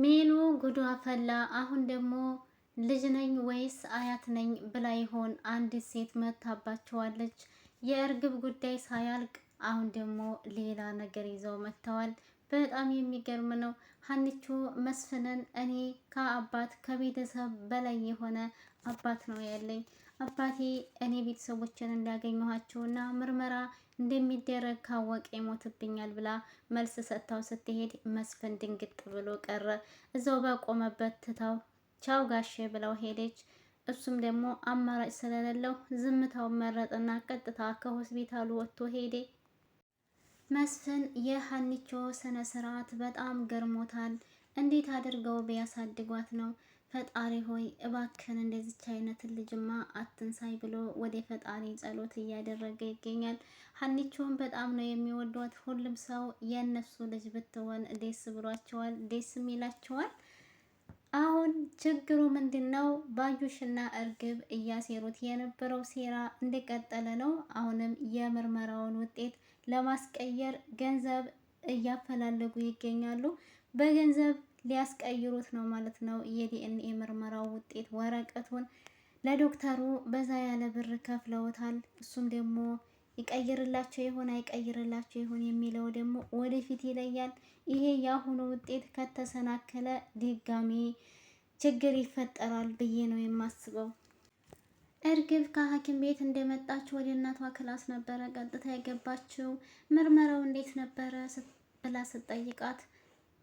ሜኑ ጉዷ ፈላ። አሁን ደግሞ ልጅ ነኝ ወይስ አያት ነኝ ብላ ይሆን አንዲት ሴት መታባቸዋለች። የእርግብ ጉዳይ ሳያልቅ አሁን ደግሞ ሌላ ነገር ይዘው መጥተዋል። በጣም የሚገርም ነው። ሀንቾ መስፍንን እኔ ከአባት ከቤተሰብ በላይ የሆነ አባት ነው ያለኝ። አባቴ እኔ ቤተሰቦችን እንዳገኘኋቸው እና ምርመራ እንደሚደረግ ካወቀ ይሞትብኛል ብላ መልስ ሰጥታው ስትሄድ መስፍን ድንግጥ ብሎ ቀረ። እዛው በቆመበት ትታው ቻው ጋሼ ብለው ሄደች። እሱም ደግሞ አማራጭ ስለሌለው ዝምታውን መረጥና ቀጥታ ከሆስፒታሉ ወጥቶ ሄደ። መስፍን የሀኒቾ ስነ ስርዓት በጣም ገርሞታል። እንዴት አድርገው ቢያሳድጓት ነው? ፈጣሪ ሆይ እባክን እንደዚች አይነት ልጅማ አትንሳይ ብሎ ወደ ፈጣሪ ጸሎት እያደረገ ይገኛል። ሀኒቾን በጣም ነው የሚወዷት። ሁሉም ሰው የእነሱ ልጅ ብትሆን ደስ ብሏቸዋል፣ ደስም ይላቸዋል። አሁን ችግሩ ምንድን ነው? ባዩሽና እርግብ እያሴሩት የነበረው ሴራ እንደቀጠለ ነው። አሁንም የምርመራውን ውጤት ለማስቀየር ገንዘብ እያፈላለጉ ይገኛሉ። በገንዘብ ሊያስቀይሩት ነው ማለት ነው። የዲኤንኤ ምርመራው ውጤት ወረቀቱን ለዶክተሩ በዛ ያለ ብር ከፍለውታል። እሱም ደግሞ ይቀይርላቸው ይሆን አይቀይርላቸው ይሆን የሚለው ደግሞ ወደፊት ይለያል። ይሄ የአሁኑ ውጤት ከተሰናከለ ድጋሜ ችግር ይፈጠራል ብዬ ነው የማስበው። እርግብ ከሐኪም ቤት እንደመጣች ወደ እናቷ ክላስ ነበረ ቀጥታ የገባችው። ምርመራው እንዴት ነበረ ብላ ስትጠይቃት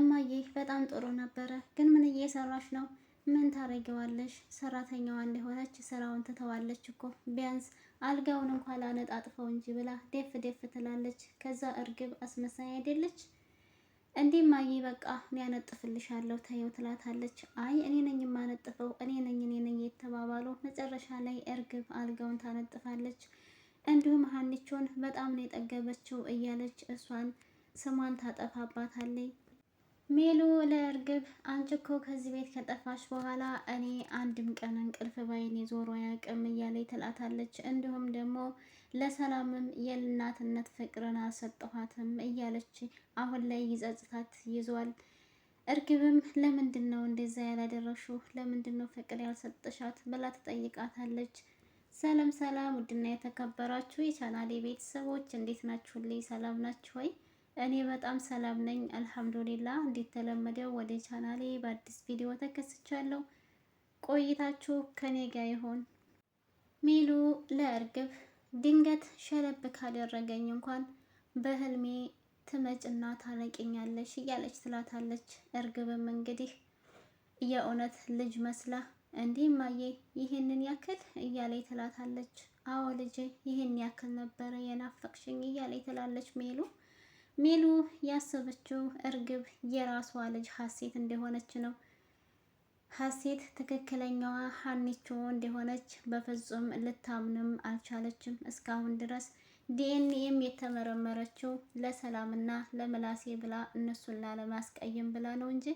እማዬ በጣም ጥሩ ነበረ፣ ግን ምን እየሰራች ነው? ምን ታረጊዋለሽ? ሰራተኛዋ እንደሆነች ስራውን ትተዋለች እኮ ቢያንስ አልጋውን እንኳን ላነጣጥፈው እንጂ ብላ ደፍ ደፍ ትላለች። ከዛ እርግብ አስመሳይ አይደለች እንዲህ ማዬ በቃ እኔ ያነጥፍልሻለሁ ተይው ትላታለች። አይ እኔ ነኝ የማነጥፈው እኔ ነኝ እኔ ነኝ የተባባሉ መጨረሻ ላይ እርግብ አልጋውን ታነጥፋለች። እንዲሁም ሀኒቾን በጣም ነው የጠገበችው እያለች እሷን ስሟን ታጠፋባታለች። ሜሉ ለእርግብ አንቺ እኮ ከዚህ ቤት ከጠፋሽ በኋላ እኔ አንድም ቀን እንቅልፍ ባይኔ ዞሮ ያቅም እያለች ትላታለች። እንዲሁም ደግሞ ለሰላምም የእናትነት ፍቅርን አልሰጠኋትም እያለች አሁን ላይ ይጸጽታት ይዟል። እርግብም ለምንድን ነው እንደዛ ያላደረግሽው? ለምንድን ነው ፍቅር ያልሰጠሻት ብላ ትጠይቃታለች። ሰላም ሰላም! ውድና የተከበራችሁ የቻናሌ ቤተሰቦች እንዴት ናችሁልኝ? ሰላም ናችሁ ወይ? እኔ በጣም ሰላም ነኝ አልሐምዱሊላ። እንደተለመደው ወደ ቻናሌ በአዲስ ቪዲዮ ተከስቻለሁ። ቆይታችሁ ከኔ ጋር ይሆን። ሚሉ ለእርግብ ድንገት ሸለብ ካደረገኝ እንኳን በህልሜ ትመጭና ታነቂኛለሽ እያለች ትላታለች። እርግብም እንግዲህ የእውነት ልጅ መስላ እንዲህ ማየ ይህንን ያክል እያለች ትላታለች። አዎ ልጄ ይህን ያክል ነበረ የናፈቅሽኝ እያለች ትላለች ሜሉ ሜሉ ያሰበችው እርግብ የራሷ ልጅ ሀሴት እንደሆነች ነው። ሀሴት ትክክለኛዋ ሀኒቾ እንደሆነች በፍጹም ልታምንም አልቻለችም። እስካሁን ድረስ ዲኤንኤም የተመረመረችው ለሰላምና ለምላሴ ብላ እነሱን ላለማስቀየም ብላ ነው እንጂ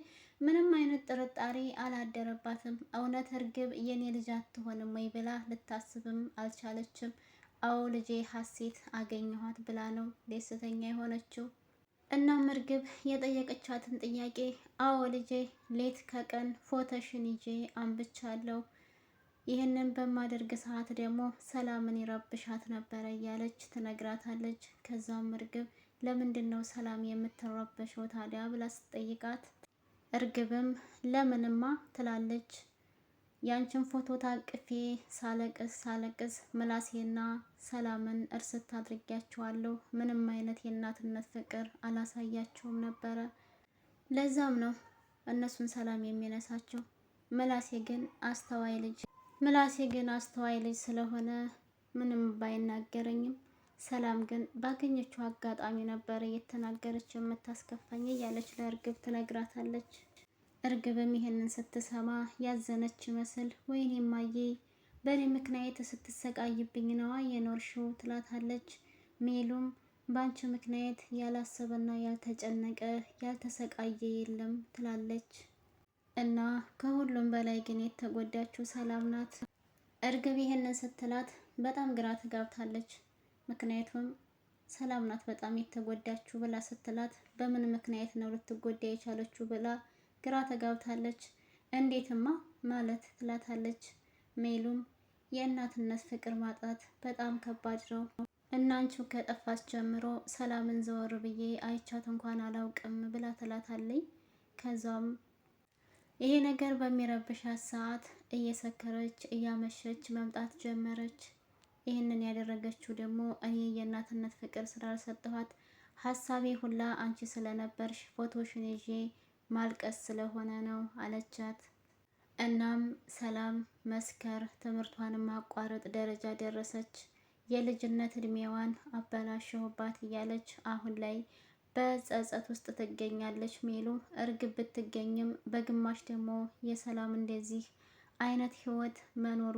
ምንም አይነት ጥርጣሬ አላደረባትም። እውነት እርግብ የኔ ልጅ አትሆንም ወይ ብላ ልታስብም አልቻለችም። አዎ ልጄ ሀሴት አገኘኋት ብላ ነው ደስተኛ የሆነችው። እናም ምርግብ የጠየቀቻትን ጥያቄ አዎ ልጄ ሌት ከቀን ፎቶሽን ይዤ አንብቻለሁ፣ ይህንን በማደርግ ሰዓት ደግሞ ሰላምን ይረብሻት ነበረ እያለች ትነግራታለች። ከዛም እርግብ ለምንድን ነው ሰላም የምትረበሸው ታዲያ ብላ ስትጠይቃት እርግብም ለምንማ ትላለች። ያንቺን ፎቶ ታቅፌ ሳለቅስ ሳለቅስ ምላሴና ሰላምን እርስት አድርጊያቸዋለሁ። ምንም አይነት የእናትነት ፍቅር አላሳያቸውም ነበረ። ለዛም ነው እነሱን ሰላም የሚነሳቸው። ምላሴ ግን አስተዋይ ልጅ ምላሴ ግን አስተዋይ ልጅ ስለሆነ ምንም ባይናገረኝም ሰላም ግን ባገኘችው አጋጣሚ ነበር እየተናገረች የምታስከፋኝ እያለች ለእርግብ ትነግራታለች። እርግብም ይህንን ስትሰማ ያዘነች መስል ወይኔ እማዬ በእኔ ምክንያት ስትሰቃይብኝ ነዋ የኖርሽው ትላታለች። ሜሉም በአንቺ ምክንያት ያላሰበና ያልተጨነቀ ያልተሰቃየ የለም ትላለች። እና ከሁሉም በላይ ግን የተጎዳችው ሰላም ናት። እርግብ ይህንን ስትላት በጣም ግራ ትጋብታለች። ምክንያቱም ሰላም ናት በጣም የተጎዳችው ብላ ስትላት በምን ምክንያት ነው ልትጎዳ የቻለችው ብላ ግራ ተጋብታለች። እንዴትማ ማለት ትላታለች። ሜሉም የእናትነት ፍቅር ማጣት በጣም ከባድ ነው። እናንቹ ከጠፋች ጀምሮ ሰላምን ዘወር ብዬ አይቻት እንኳን አላውቅም ብላ ትላታለኝ። ከዛም ይሄ ነገር በሚረብሻት ሰዓት እየሰከረች እያመሸች መምጣት ጀመረች። ይህንን ያደረገችው ደግሞ እኔ የእናትነት ፍቅር ስላልሰጠኋት ሀሳቤ ሁላ አንቺ ስለነበርሽ ፎቶሽን ይዤ ማልቀስ ስለሆነ ነው አለቻት። እናም ሰላም መስከር ትምህርቷን ማቋረጥ ደረጃ ደረሰች። የልጅነት እድሜዋን አበላሸሁባት እያለች አሁን ላይ በጸጸት ውስጥ ትገኛለች። ሜሉ እርግብ ብትገኝም በግማሽ ደግሞ የሰላም እንደዚህ አይነት ህይወት መኖሩ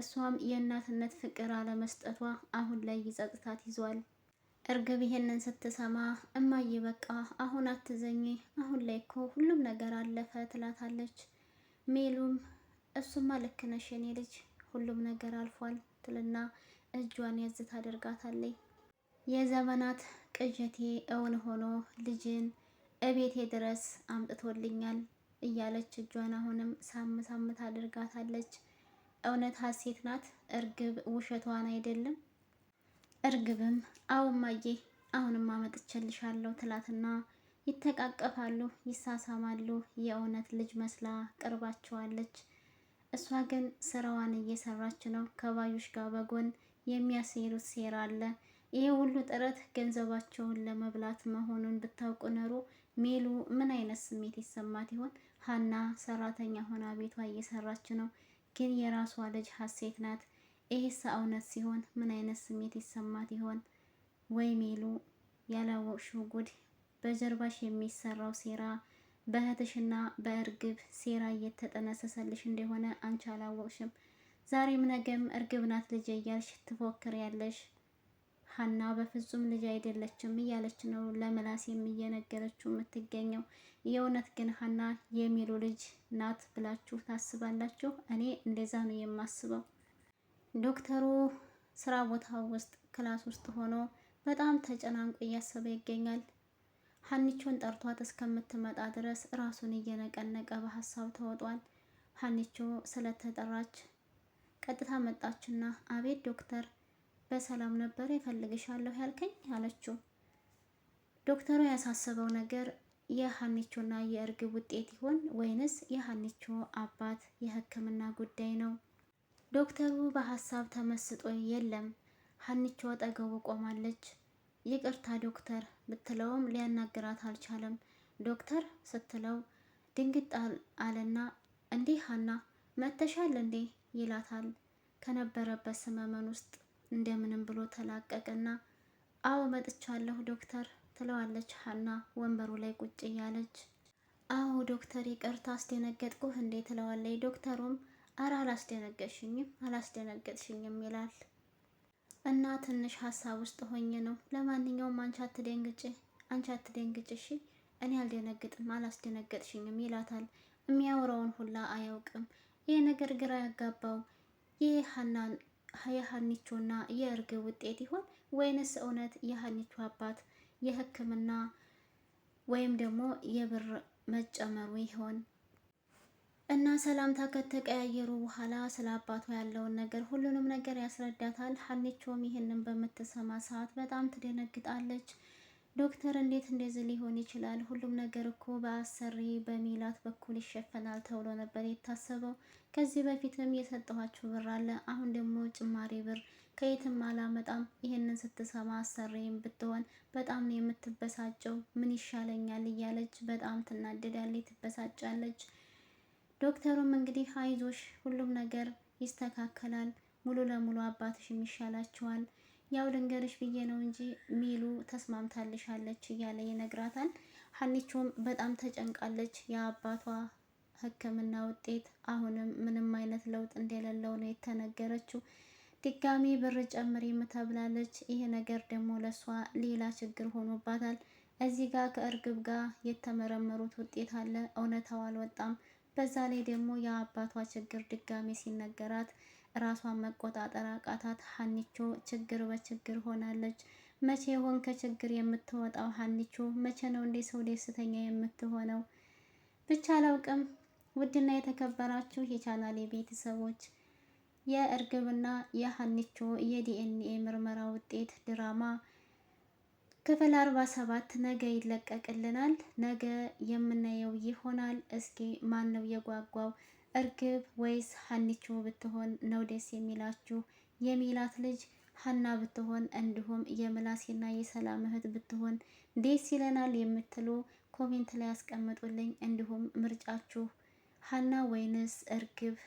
እሷም የእናትነት ፍቅር አለመስጠቷ አሁን ላይ ይጸጥታት ይዟል። እርግብ ይሄንን ስትሰማ እማዬ በቃ አሁን አትዘኝ፣ አሁን ላይ እኮ ሁሉም ነገር አለፈ ትላታለች። ሜሉም እሱማ ልክ ነሽ የኔ ልጅ፣ ሁሉም ነገር አልፏል ትልና እጇን ያዝ ታደርጋታለች። የዘመናት ቅዠቴ እውን ሆኖ ልጅን እቤቴ ድረስ አምጥቶልኛል እያለች እጇን አሁንም ሳም ሳም ታደርጋታለች። እውነት ሀሴት ናት እርግብ ውሸቷን አይደለም እርግብም አውማዬ አሁንም አመጥቼልሻለሁ ትላትና ይተቃቀፋሉ፣ ይሳሳማሉ። የእውነት ልጅ መስላ ቅርባቸዋለች። እሷ ግን ስራዋን እየሰራች ነው። ከባዮች ጋር በጎን የሚያሴሩት ሴራ አለ። ይሄ ሁሉ ጥረት ገንዘባቸውን ለመብላት መሆኑን ብታውቁ ኖሮ ሜሉ ምን አይነት ስሜት ይሰማት ይሆን? ሀና ሰራተኛ ሆና ቤቷ እየሰራች ነው፣ ግን የራሷ ልጅ ሀሴት ናት። ይሄሳ እውነት ሲሆን ምን አይነት ስሜት ይሰማት ይሆን? ወይ ሜሉ ያላወቅሽው ጉድ! በጀርባሽ የሚሰራው ሴራ በእህትሽና በእርግብ ሴራ እየተጠነሰሰልሽ እንደሆነ አንቺ አላወቅሽም። ዛሬም ነገም እርግብ ናት ልጄ እያልሽ ትፎክሪያለሽ። ሀና በፍጹም ልጅ አይደለችም እያለች ነው ለምላሴም እየነገረችው የምትገኘው። የእውነት ግን ሀና የሚሉ ልጅ ናት ብላችሁ ታስባላችሁ? እኔ እንደዛ ነው የማስበው። ዶክተሩ ስራ ቦታ ውስጥ ክላስ ውስጥ ሆኖ በጣም ተጨናንቆ እያሰበ ይገኛል። ሀኒቾን ጠርቷት እስከምትመጣ ድረስ ራሱን እየነቀነቀ በሀሳብ ተወጧል። ሀኒቾ ስለተጠራች ቀጥታ መጣችና አቤት ዶክተር በሰላም ነበር የፈልግሻለሁ ያልከኝ አለችው። ዶክተሩ ያሳሰበው ነገር የሀኒቾና የእርግብ ውጤት ይሆን ወይንስ የሀኒቾ አባት የሕክምና ጉዳይ ነው? ዶክተሩ በሀሳብ ተመስጦ የለም ሀኒቾ አጠገቡ ቆማለች። ይቅርታ ዶክተር ብትለውም ሊያናግራት አልቻለም። ዶክተር ስትለው ድንግጥ አለና እንዲህ ሀና መተሻል እንዴ ይላታል። ከነበረበት ስመመን ውስጥ እንደምንም ብሎ ተላቀቀና አዎ መጥቻለሁ ዶክተር ትለዋለች። ሀና ወንበሩ ላይ ቁጭ እያለች አዎ ዶክተር ይቅርታ አስደነገጥኩህ እንዴ ትለዋለች። ዶክተሩም አረ አላስደነገጥሽኝም አላስደነገጥሽኝም ይላል እና ትንሽ ሀሳብ ውስጥ ሆኜ ነው። ለማንኛውም አንቺ አትደንግጭ አንቺ አትደንግጭ እሺ፣ እኔ አልደነግጥም አላስደነገጥሽኝም ይላታል። የሚያወራውን ሁላ አያውቅም። ይህ ነገር ግራ ያጋባው የሀኒቾና የእርግ ውጤት ይሆን ወይንስ እውነት የሀኒቾ አባት የሕክምና ወይም ደግሞ የብር መጨመሩ ይሆን? እና ሰላምታ ከተቀያየሩ በኋላ ስለ አባቷ ያለውን ነገር ሁሉንም ነገር ያስረዳታል። ሀኒቾም ይህንን በምትሰማ ሰዓት በጣም ትደነግጣለች። ዶክተር እንዴት እንደዚህ ሊሆን ይችላል? ሁሉም ነገር እኮ በአሰሪ በሚላት በኩል ይሸፈናል ተብሎ ነበር የታሰበው። ከዚህ በፊትም የሰጠኋችሁ ብር አለ፣ አሁን ደግሞ ጭማሪ ብር ከየትም አላመጣም። ይህንን ስትሰማ አሰሪም ብትሆን በጣም ነው የምትበሳጨው። ምን ይሻለኛል እያለች በጣም ትናደዳለች፣ ትበሳጫለች። ዶክተሩም እንግዲህ አይዞሽ፣ ሁሉም ነገር ይስተካከላል፣ ሙሉ ለሙሉ አባትሽም ይሻላቸዋል፣ ያው ልንገርሽ ብዬ ነው እንጂ ሚሉ ተስማምታልሻለች እያለ ይነግራታል። ሀኒቾም በጣም ተጨንቃለች። የአባቷ ሕክምና ውጤት አሁንም ምንም አይነት ለውጥ እንደሌለው ነው የተነገረችው። ድጋሚ ብር ጨምሪም ተብላለች። ይሄ ነገር ደግሞ ለሷ ሌላ ችግር ሆኖባታል። እዚህ ጋር ከእርግብ ጋር የተመረመሩት ውጤት አለ፣ እውነታው አልወጣም። በዛ ላይ ደግሞ የአባቷ ችግር ድጋሜ ሲነገራት ራሷን መቆጣጠር አቃታት። ሀኒቾ ችግር በችግር ሆናለች። መቼ ይሆን ከችግር የምትወጣው ሀኒቾ? መቼ ነው እንዴ ሰው ደስተኛ የምትሆነው? ብቻ አላውቅም። ውድና የተከበራችሁ የቻናሌ ቤተሰቦች የእርግብና የሀኒቾ የዲኤንኤ ምርመራ ውጤት ድራማ ክፍል አርባ ሰባት ነገ ይለቀቅልናል። ነገ የምናየው ይሆናል። እስኪ ማን ነው የጓጓው? እርግብ ወይስ ሀኒቾ ብትሆን ነው ደስ የሚላችሁ? የሚላት ልጅ ሀና ብትሆን እንዲሁም የምላሴና የሰላም እህት ብትሆን ደስ ይለናል የምትሉ ኮሜንት ላይ ያስቀምጡልኝ። እንዲሁም ምርጫችሁ ሀና ወይንስ እርግብ